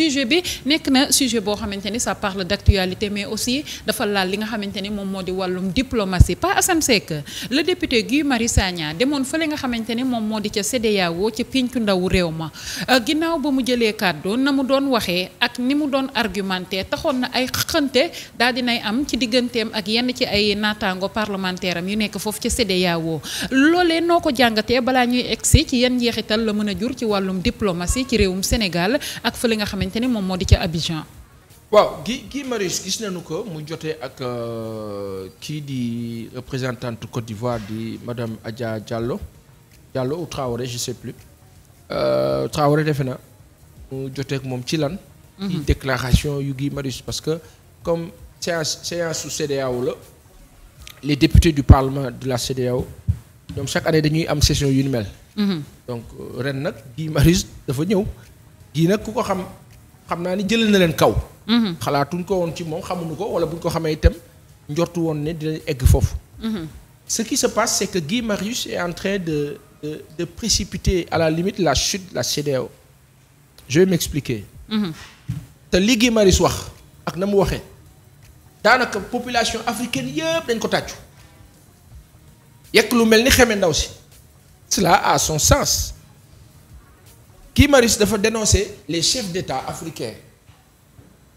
sujet bi nekk na sujet boo xamante ni ça parle d'actualité mais aussi dafa laal li nga xamante ni moom moo di wàllum diplomatie Pa Assane Seck le député Guy Marius Sagna demoon fële nga xamante ni moom moo di ca CEDEAO ca pincu ndaw réew ma euh, ginnaaw ba mu jëlee kàddu na mu doon waxee ak ni mu doon argumenté taxoon na ay xënte di nay am ci digganteem ak yenn ci ay naataango parlementaire am yu nekk foofu ca CEDEAO loolee noo ko jàngatee balaa ñuy egsi ci yan njeexital la mën a jur ci wàllum diplomatie ci réewum Sénégal xamante ni moom moo di ca Abidjan. waaw gi gi Marius gis nañu ko mu jotee ak euh, kii di représentante Côte d'Ivoire di madame Adja jàllo Diallo ou Traoré je sais plus euh, Traoré defe na mu jotee ak moom ci lan. Mhm. ci déclaration yu gi Marius parce que comme séance séance su CEDEAO la les députés du parlement de la CEDEAO ñoom chaque année dañuy am session yu ni mel. Mhm. donc euh, ren nag gi Marius dafa ñëw gi nag ku ko xam. xam naa ni jëlee na leen kaw. Mhm. xalaatuñ ko woon ci moom xamuñu ko wala buñ ko xamee itam njortu woon ne dinañ egg foofu. Mhm. ce qui se passe c'est que Guy Marius est en de de de à la limite la chute la CEDEAO je vais m'expliquer. Mhm. te li Guy Marius wax ak na mu waxee daanaka population africaine yëpp dañ ko tàccu yekk lu mel ni xeme ndaw si la a son sens. Guimarães dafa dénoncer les chef d'État africains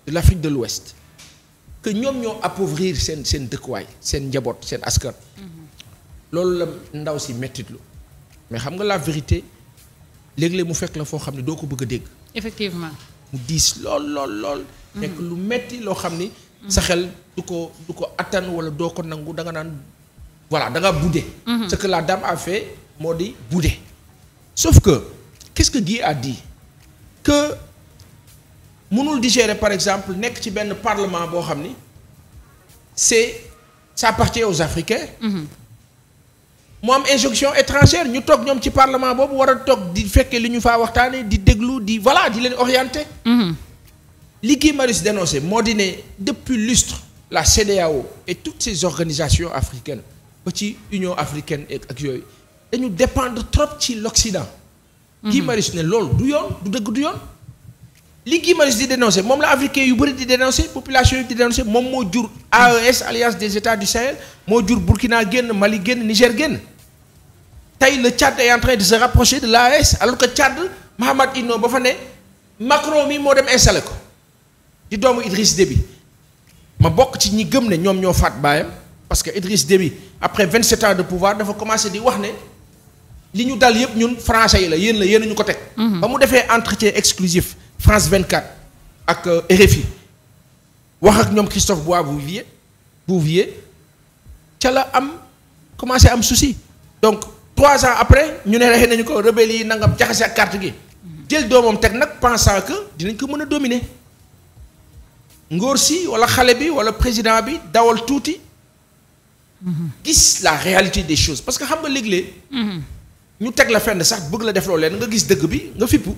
de l'Afrique de l'Ouest que ñoom ñoo appauvrir seen seen dëkkuwaay seen njaboot seen askan. Mm-hmm. loolu la ndaw si mettitlu mais xam nga la vérité léeg-léeg mu fekk la foo xam ne doo ko bëgg a dégg. effectivement mu diis lool lool lool. Mm-hmm. nekk lu metti loo xam ni. Mm-hmm. sa xel du ko du ko attan wala doo ko nangu danga nga naan voilà da nga budde. ce que la dame a moo di budde sauf que. qu'est-ce que Guy a dit que mënul digérer par exemple nekk ci benn parlement boo xam ni c'est ça appartient aux Africains. Mhm. mu am injonction étrangère ñu toog ñoom ci parlement boobu war a toog di fekkee li ñu faa waxtaanee di déglu di voilà di leen orienté. Mhm. li Guy Marius dénoncé moo di ne depuis lustre la CEDEAO et toutes ces organisations africaines ba ci Union africaine ak yooyu dañu dépendre trop ci l'Occident Guy mhm. Marius ne loolu du yoon du dëgg du yoon li Guy Marius di dénoncé moom la africain yu bëri di dénoncé population yi di dénoncé moom moo jur AES alliance des états du moo jur Burkina génn Mali génn Niger génn tey le Tchad est en train de se rapprocher de l'AES alors que Tchad Mahamad Inno ba fa ne Macron mi moo dem installé ko di doomu Idriss Déby ma bokk ci ñi gëm ne ñoom ñoo faat baayam parce que Idriss Déby après 27 ans de pouvoir dafa commencé di wax ne li ñu dal yëpp ñun français yi la yéen la yéen ñu ko teg. Mhm. ba mu defee entretien exclusif France 24 ak euh, RFI wax ak ñoom Christophe Boisbouvier Bouvier ca la am commencé am souci donc trois ans après ñu ne rey nañu ko rebelles yi nangam jaxase ak carte gi. jël doomam teg nag pensant que dinañ ko mën a dominer ngóor si wala xale bi wala président bi dawal tuuti. Mhm. gis la réalité de choses parce que xam nga léeg-léeg mhm. ñu teg la fenn sax bëgg la def loo leen nga gis dëgg bi nga fippu.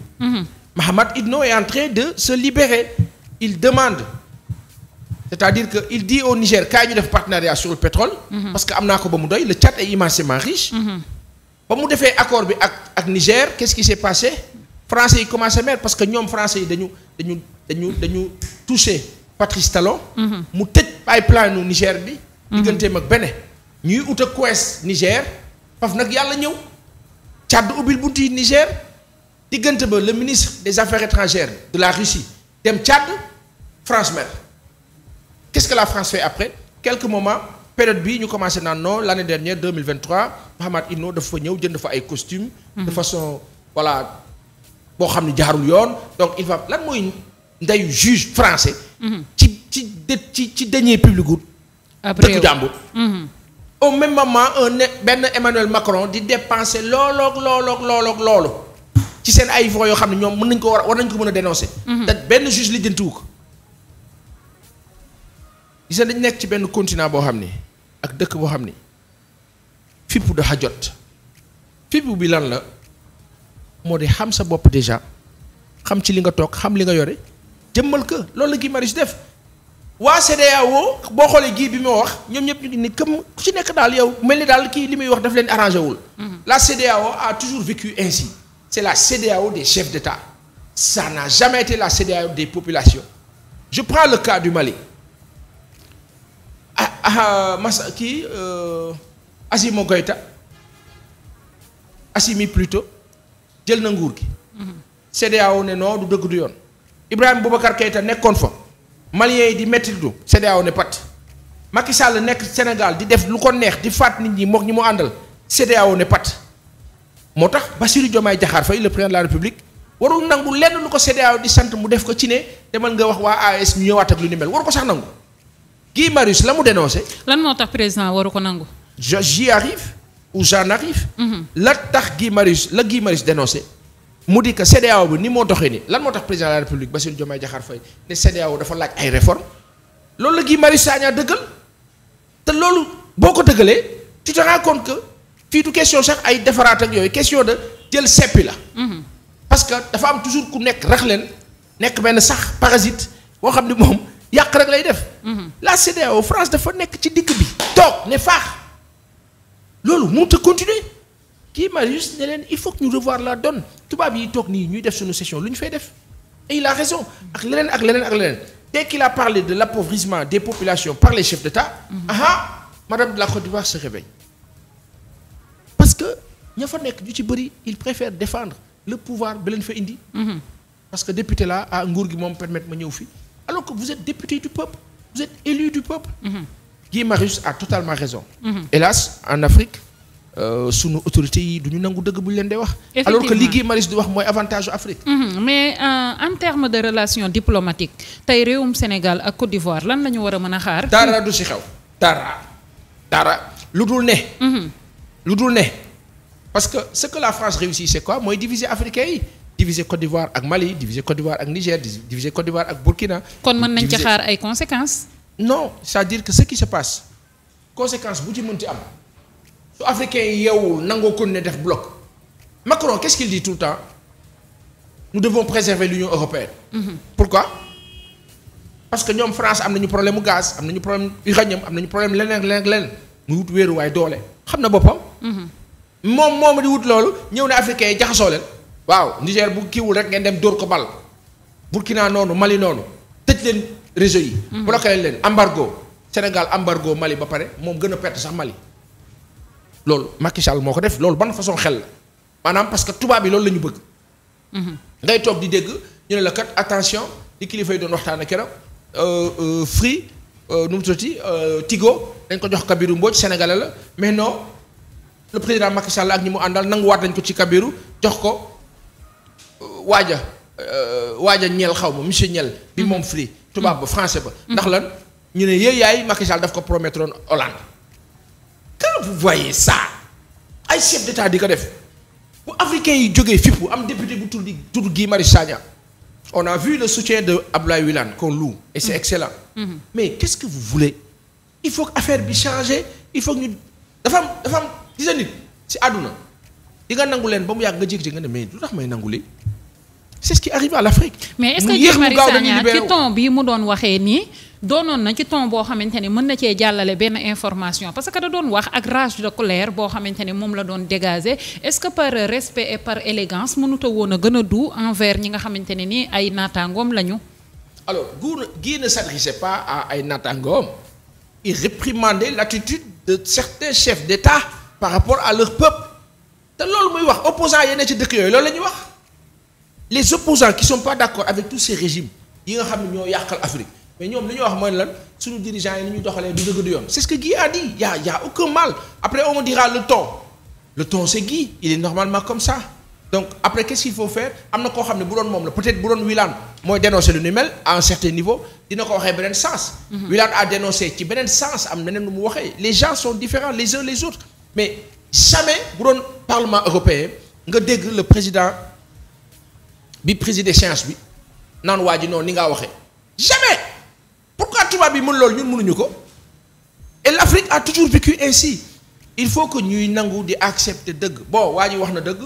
Mahamad mhm. Idno est en de se libérer il demande c'est-à-dire que il dit au Niger kaay ñu def partenariat sur le pétrole. Mhm. parce que am naa ko ba mu doy le Tchad est immensément riche. Mhm. ba mu defee accord bi ak ak Niger qu'est-ce qui s'est passé français yi commencé mer parce que ñoom français yi dañu dañu dañu dañu touché Patrice Talon. mu tëj pipeline nu Niger bi. digganteem ak Bénin ñuy ut ak Niger Tchad ubbil bunt yi Niger diggante ba le ministre des affaires étrangères de la Russie dem Tchad France mer qu'est-ce la France fait après quelques moment période bi ñu commencé naan non l'année dernière 2023 Mahamad Inno dafa ñëw jënd fa ay costume mhm. de façon voilà boo xam ne jaarul yoon donc il va lan mooy ndeyu juge français mhm. ci ci ci ci deniers publics dëkku jàmbur mhm. au même moment un e, benn Emmanuel Macron di dépensé looloog looloog looloog loolu ci seen ay fonds yoo xam ne ñoom mën nañ ko war a war nañ ko mën a dénoncer. Mhm. te benn juge lijjantiwu ko. gis dañ nekk ci benn continent boo xam ne ak dëkk boo xam ne fippu dafa jot fippu bi lan la moo di xam sa bopp déjà xam ci li nga toog xam li nga yore jëmmal ko loolu la kii Marius def. waa CEDEAO boo xoolee gii bi ma wax ñoom ñëpp ñu ni comme ku ci nekk daal yow mel ni daal kii li muy wax daf leen arrangé wul. Mhm. la CEDEAO a toujours vécu ainsi. c' la CEDEAO des chefs d' état. ça n'a jamais été la CEDEAO des population je prends le cas du Mali ah ah Massa kii euh, Assimi Goïta Assimi jël na nguur gi. Mhm. CEDEAO ne non du dëgg du yoon. ibrahim Boubacar Keïta nekkoon fa. Maliens yi di méttilu CEDEAO ne pat Macky Sall nekk Sénégal di def lu ko neex di faat nit ñi mook ñi mu àndal CEDEAO ne pat moo tax Bassirou Diomaye Diakhar fay le président de la République warul nangu lenn lu ko CEDEAO di sant mu def ko ci ne demal nga wax waa AES ñu ñëwaat ak lu ni mel waru ko sax nangu Guy Marius la mu dénoncé. lan moo tax président waru ko nangu. je j'y arrive ou j'en arrive. Mm-hmm. la tax Guy Marius la Guy Marius dénoncé. mu di que CEDEAO bi ni moo doxee ni lan moo tax président de la république Bassirou Diomaye Diakhar Faye ne CEDEAO dafa laaj ay réformes loolu la Guy Marius Sagna dëggal te loolu boo ko dëggalee tu te rends compte que fii du question sax ay defaraat ak yooyu question de jël seppi la. Mhm. parce que dafa am toujours ku nekk rax leen nekk benn sax parasite boo xam ni moom yàq rek lay def. Mhm. la CEDEAO France dafa nekk ci digg bi. toog ne faax loolu mënut a continuer. kii ma juste ne leen il faut que ñu revoir la donne tubaab yi toog nii ñuy def suñu session lu ñu fay def il a raison ak leneen ak leneen ak leneen dès qu'il a parlé de l'appauvrissement des populations par les chefs d'État mhm. aha madame de la Côte d'Ivoire se réveille parce que ña fa nekk ñu ci bëri il préfère défendre le pouvoir bi leen fa indi mhm. parce que député la ah nguur gi moom permettre ma ñëw fii alors que vous êtes député du peuple vous êtes élu du Euh, sunu autorité yi du ñu nangu dëgg bu ñu leen dee wax. alors que liggéey Maris di wax mooy avantage Afrique. Mhm. mais euh, en terme de relation diplomatique tey réewum Sénégal ak Côte d'Ivoire lan la ñu war a mën a xaar. dara du si xew dara dara lu dul ne. Mhm. lu dul ne parce que ce que la France réussit c'est quoi mooy diviser africains yi diviser Côte d'Ivoire ak Mali diviser Côte d'Ivoire ak Niger diviser Côte d'Ivoire ak Burkina. kon mën nañ ci xaar ay conséquence non c'est-à-dire que se passe conséquence bu ci mënti am. su africain yi yeewul nangoo ko ne def bloc Macron qu'est-ce qu'il dit tout le temps nous devons préserver l'Union européenne mm pourquoi parce que ñoom France am nañu problème mu gaz am nañu problème uranium am nañu problème leneen leneen leneen muy wut wéeruwaay doole xam na boppam mhm. moom moom di wut loolu ñëw na africain yi jaxasoo leen waaw Niger bu kiiwul rek ngeen dem dóor ko bal Burkina noonu Mali noonu tëj leen réseau yi mhm. bloqué leen embargo Sénégal embargo Mali ba pare moom gën a perte sax Mali loolu Macky moo ko def loolu ban façon xel la maanaam parce que tubaab bi loolu la ñu bëgg. ngay toog di dégg ñu ne la kat attention di kilifa yi doon waxtaan ak keroog euh, euh, Free euh, Tigo dañ ko jox Kabiru Mbodj sénégalais la mais no le président Macky Sall ak ñi mu àndal nanguwaat nañ ko ci Kabiru jox ko waaja waaja ñel xaw ma monsieur ñel bi mhm. moom fri tubaab ba mhm. français ba. Mhm. ndax lan ñu ne yéen yaay Macky Sall daf ko promettre woon Hollande. quand vous voyez ça ay chef d'état di ko def bu africain yi jógee fippu am député bu tudd tudd Guy Marius Sagna on a vu le soutien de Abdoulaye Wilane qu'on loue et c'est mm-hmm. excellent mm-hmm. mais qu'est-ce que vous voulez il faut affaire bi changer il faut que ñu dafa am dafa am gis nit si àdduna di nga nangu leen ba mu yàgg nga jékki nga ne mais lu tax may nangu lii c'est ce qui arrive à l'Afrique mais est-ce que Guy Marius Sagna ci ton bi doonoon na ci ton boo xamante ni mën na cee jàllale benn information parce que da doon wax ak rage de colère boo xamante ne moom la doon dégager est-ce que par respect et par élégance mënuta woon a gën a du envers ñi nga xamante ne nii ay naataangoom lañu. alors Guy ne s'adressait pas à ay naataangoom il réprimandait l'attitude de certains chefs d'État par rapport à leur peuple te loolu muy wax opposants yi ne ci dëkk yooyu loolu la ñuy wax les opposants qui sont pas d'accord avec tous ces régimes yi nga xam mais ñoom li ñu wax mooy lan suñu dirigeants yi ni ñu doxalee du dëgg du yoon c'est ce que Guy a dit y a y a aucun mal après on dira le ton le ton c'est Guy il est normalement comme ça donc après qu'est-ce qu'il faut faire am na koo xam ne bu doon moom la peut-être bu doon Wilane mooy dénoncer lu ni mel à un certain niveau dina ko waxee beneen sens. Mhm. Wilane a dénoncé ci beneen sens am beneen lu mu waxee les gens sont différents les uns les autres mais jamais bu doon parlement européen nga dégg le président bi présider séance bi naan waa ji noonu ni ngaa waxee jamais. tubaab yi mën loolu ñun mënuñu ko et l' Afrique a toujours vécu ainsi il faut que ñuy nangu di accepter dëgg bon waa ji wax na dëgg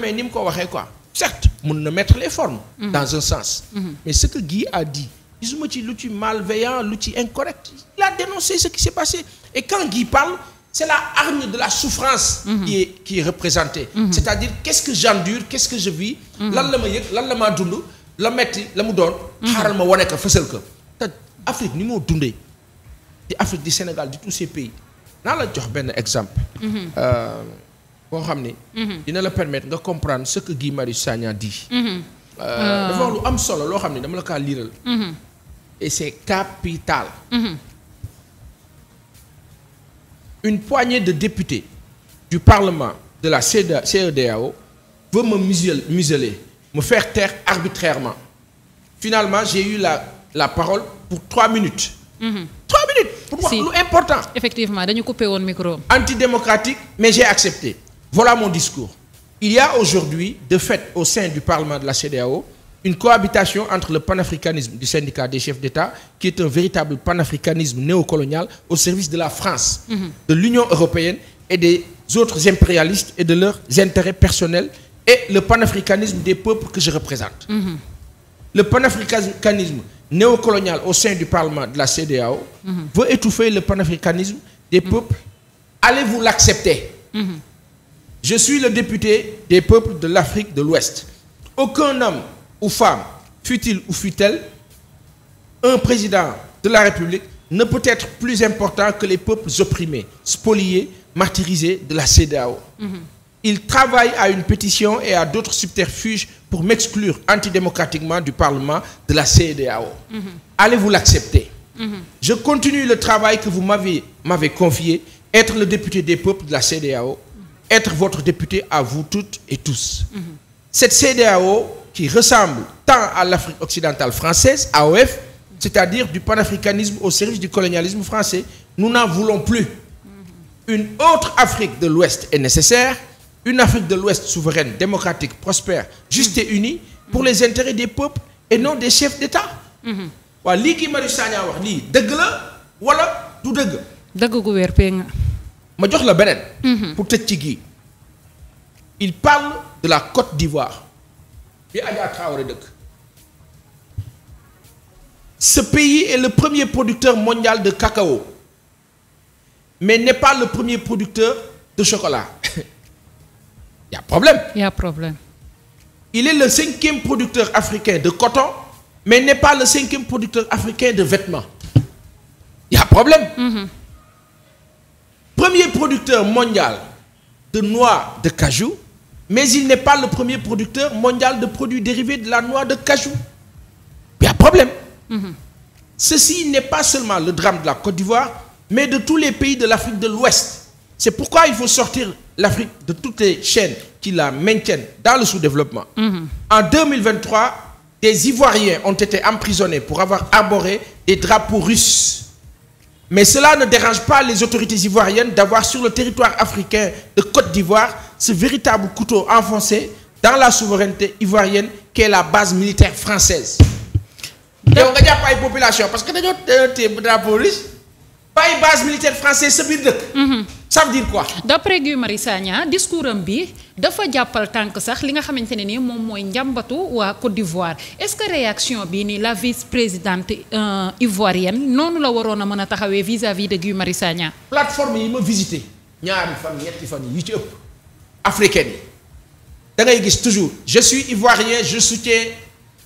mais ni mu ko waxee quoi certes mën na mettre les formes. Mmh. dans mhm. ce que Guy a dit gisuma ci lu ci malveillant lu ci incorrect il a dénoncé ce qui s'est passé et quand Guy parle c'est la hargne de la souffrance. Mmh. qui est qui mhm. c'est-à-dire qu'est-ce que j'endure qu'est-ce que je vis. Mhm. lan la ma yëg lan la maa dund la metti la mu doon. xaaral ma wane ko fësal ko. Afrique ni moo dundee di Afrique di Sénégal di tous ces pays naa la jox benn exemple. Mhm. Euh, boo xam ni. Mhm. dina la permettre nga comprendre ce que Guy Marius Sagna dit. Mhm. Euh, dafa lu ah. am solo loo xam ne dama la kaa liiral. et c'est capital. Mmh. une poignée de députés du parlement de la CEDEAO veut me museler me faire taire arbitrairement finalement j'ai eu la parole. pour trois minutes. Mmh. trois minutes pour wax si. lu important. effectivement dañu coupé woon micro antidémocratique mais j'ai accepté. voilà mon discours. il y a aujourd'hui de fait au sein du parlement de la CEDEAO une cohabitation entre le panafricanisme du syndicat des chefs d'État qui est un véritable panafricanisme néocolonial au service de la France. Mmh. de l'Union européenne et des autres impérialistes et de leurs intérêts personnels et le panafricanisme des peuples que je représente. Mhm. néocoloniale au sein du Parlement de la CEDEAO mm -hmm. veut étouffer le panafricanisme des mhm. peuples. Allez-vous l'accepter? Mhm. Je suis le député des peuples de l'Afrique de l'Ouest. Aucun homme ou femme, fut-il ou fut-elle, un président de la République ne peut être plus important que les peuples opprimés, spoliés, martyrisés de la CEDEAO. Mhm. il travaille à une pétition et à d'autres subterfuges pour m'exclure antidémocratiquement du Parlement de la CEDEAO. Mm -hmm. Allez-vous l'accepter? Mm-hmm. Je continue le travail que vous m'avez confié, être le député des peuples de la CEDEAO, être votre député à vous toutes et tous. Mm-hmm. Cette CEDEAO qui ressemble tant à l'Afrique occidentale française, AOF, c'est-à-dire du panafricanisme au service du colonialisme français, nous n'en voulons plus. Mm-hmm. Une autre Afrique de l'Ouest une Afrique de l'Ouest souveraine, démocratique, prospère, juste et unie pour les intérêts des peuples et non des chefs d'État. waaw lii kii Marius Sagna wax lii dëgg la wala du dëgg. dëgg gu wér pee nga. ma jox la beneen. Mhm. pour tëj ci gii. il parle de la Côte d'Ivoire. bi Adja Traoré dëkk. ce pays est le premier producteur mondial de cacao mais n'est le premier producteur de chocolat. y problème. y a problème. il est le cinquième producteur africain de coton mais n'est pas le cinquième producteur africain de vêtements y a problème. Mm-hmm. premier producteur mondial de noix de cajou mais il n'est pas le premier producteur mondial de produits dérivés de la noix de cajou y a problème. Mm-hmm. ceci n'est pas seulement le drame de la Côte d'Ivoire mais de tous les pays de l'Afrique de l'Ouest. C'est pourquoi il faut sortir l'Afrique de toutes les chaînes qui le sous-développement. Mmh. En 2023, des Ivoiriens ont été emprisonnés pour les autorités ivoiriennes d'avoir sur le territoire africain de Côte d'Ivoire ce la souveraineté ivoirienne la base militaire française. yow ay population parce que dañoo euh, téye ça veut dire quoi. d'après Guy Marius Sagna discours am bi dafa jàppal tànk sax li nga xamante ne nii moom mooy njàmbatu waa Côte d'Ivoire est-ce que réaction bi nii la vice-présidente euh, ivoirienne noonu la waroon a mën a taxawee vis-à-vis de Guy Marius Sagna. plateforme yi ma visité ñaari fan ñetti fan yi ci ëpp africaine yi da ngay gis toujours je suis ivoirien je soutiens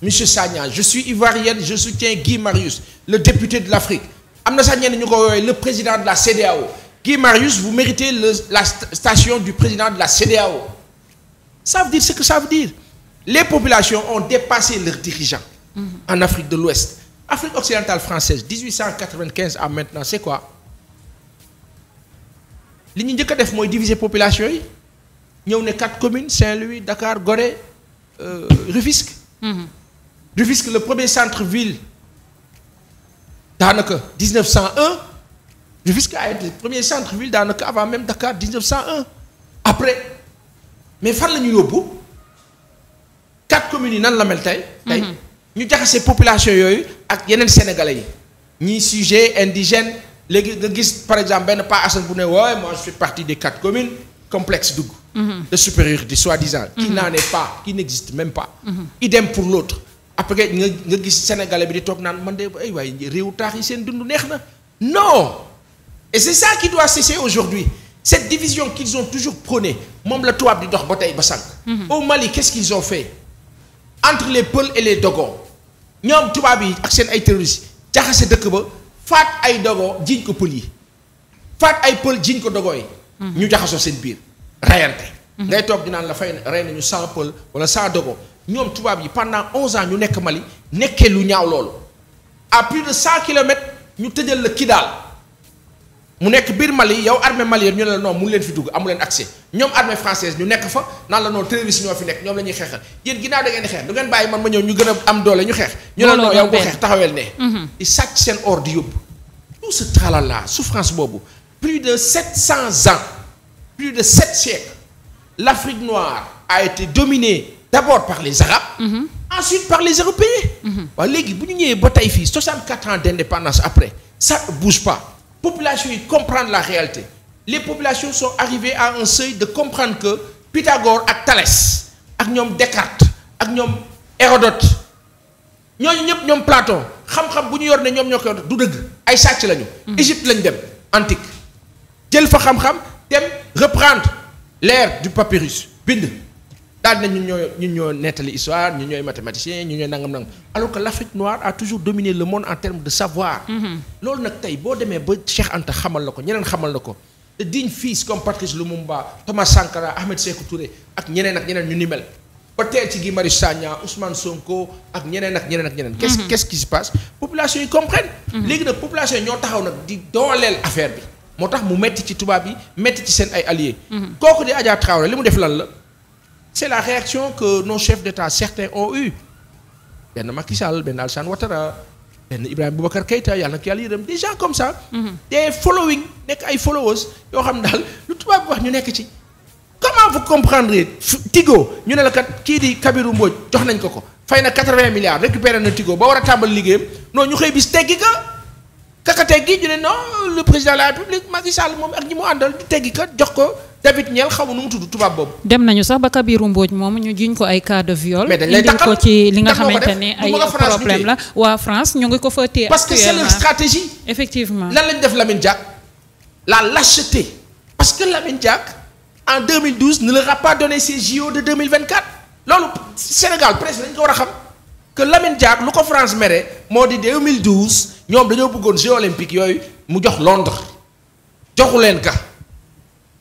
monsieur Sagna je suis ivoirienne je soutiens Guy Marius le député de l'Afrique am na sax ñu ko woowee le président de la CEDEAO. Guy Marius vous méritez la station du président de la CEDEAO ça veut dire ce que ça veut dire les populations ont dépassé leurs dirigeants mmh. en Afrique de l'Ouest Afrique occidentale française 1895 à maintenant c'est quoi li ñu njëkk def mooy diviser population yi ñëw ne quatre communes Saint-Louis Dakar Gorée euh, Rufisque mmh. le premier centre ville daanaka 1901 Rufisque a été premier centre-ville daanaka avant même Dakar 1901 après mais fan la ñu yóbbu quatre commune yi nan la mel tey. tey mhm. ñu jaxase population yooyu ak yeneen sénégalais yi ñii sujet indigène léegi nga gis par exemple benn pas Assane bu ne waaye moi je fais partie des quatre communes complexe dugg. de mhm. supériorité soi-disant. qui mhm. n'en est pas qui n'existe même pas. idem pour l'autre après nga nga gis sénégalais bi di toog naan man de ay waaye réewu taax yi seen dund neex na non. et c'est ça qui doit cesser aujourd'hui cette division qu'ils ont toujours prônée moom la tubaab di dox ba tey ba sànq. Mhm. au Mali qu'est-ce qu'ils ont fait entre les Peuls et les Dogons ñoom tubaab yi ak seen ay terroristes jaxase dëkk ba faat ay Dogons jiñ ko Pël yi faat ay Pël jiñ ko Dogons yi. Mhm. ñu jaxasoo seen biir rayante. Mhm. ngay toog di la fay rey nañu cent Pël wala cent Dogons ñoom tubaab yi pendant onze ans ñu nekk Mali nekkee lu ñaaw loolu à plus de cent kilomètres ñu tëjal la Kidal. mu nekk biir Mali yow armée malienne ñu ne la non mu leen fi dugg amu leen accès ñoom armée française ñu nekk fa naan la non terroriste ñoo fi nekk ñoom la ñuy xeexal yéen ginnaaw da di xeex du ngeen bàyyi man ma ñëw ñu gën a am doole ñu xeex. ñu ne non yow ko xeex taxawel ne. di mhm. sàcc seen or yóbbu. tout tralala souffrance boobu plus de sept cents ans l'Afrique noire a été dominée d'abord par les Arabes. Mhm. ensuite par les Européens. Mhm. waaw léegi population yi comprendre la réalité les populations sont arrivées à un seuil de comprendre que Pythagore ak Thalès ak ñoom Descartes ak ñoom Hérodote ñooñu ñëpp ñoom Platon xam-xam bu ñu yor ne ñoom ñoo ko yor du dëgg ay sàcc lañu. Hmm. Égypte lañ dem antique jël fa xam-xam dem reprendre l'ère du papyrus bind. daal na ñun ñoo ñun ñoo nettali histoire ñun ñooy mathématicien ñun ñooy nangam-nangam alors que l' a toujours dominé le monde en termes de savoir. Mm-hmm. loolu nag tey boo demee ba Cheikh Anta xamal la ko ñeneen xamal la ko. te digne fils comme Patrice Sonko ak ñeneen ak ñeneen ak ñeneen. quest mm-hmm. qu'est-ce qui passe population yi comprennent. Mm-hmm. léegi nag population yi ñoo taxaw nag di dooleel affaire bi. moo tax mu metti ci tubaab yi metti ci seen ay alliés. kooku c'est la réaction que nos chefs d'État certains ont eue benn Macky Sall benn Alassane Ouattara benn Ibrahima Boubacar Keïta yàlla na ko yàlla yërëm des gens comme ça. Mhm. des following nekk ay followers yoo xam daal lu tubaab wax ñu nekk ci. comment vous comprendrez Tigo ñu ne la kat kii di Kabirou Mbodj jox nañ ko ko fay na 80 milliards récupéré na Tigo ba war a tàmbal liggéeyam non ñu xëy bis teggi ka kaka teggi ñu ne non le président la République Macky Sall moom ak ñi mu àndal du jox ko. David Niel xaw nu mu tudd tubaab boobu. dem nañu sax ba Kabirou Mbodj moom ñu jiñ ko ay cas de viol. mais dañ lay indil ko ci li nga xamante ne ay problème la waa France ñu ngi ko fa téye parce que c'est leur stratégie. effectivement lan lañ def Lamine Diack la lâcheté parce que Lamine Diack en 2012 ne leur a pas donné ses JO de 2024 loolu Sénégal presque dañ ko war a xam. que Lamine Diack lu ko France mere moo di 2012 ñoom dañoo bëggoon Jeux olympiques yooyu mu jox Londres joxu leen ka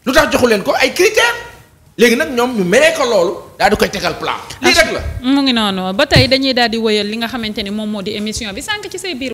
lu tax joxu leen ko ay critères léegi nag ñoom ñu meree ko loolu daal di koy tegal plan lii rek la mu ngi noonu ba tey dañuy daal di wëyal li nga xamante ni moom moo di émission bi sànq ci say biir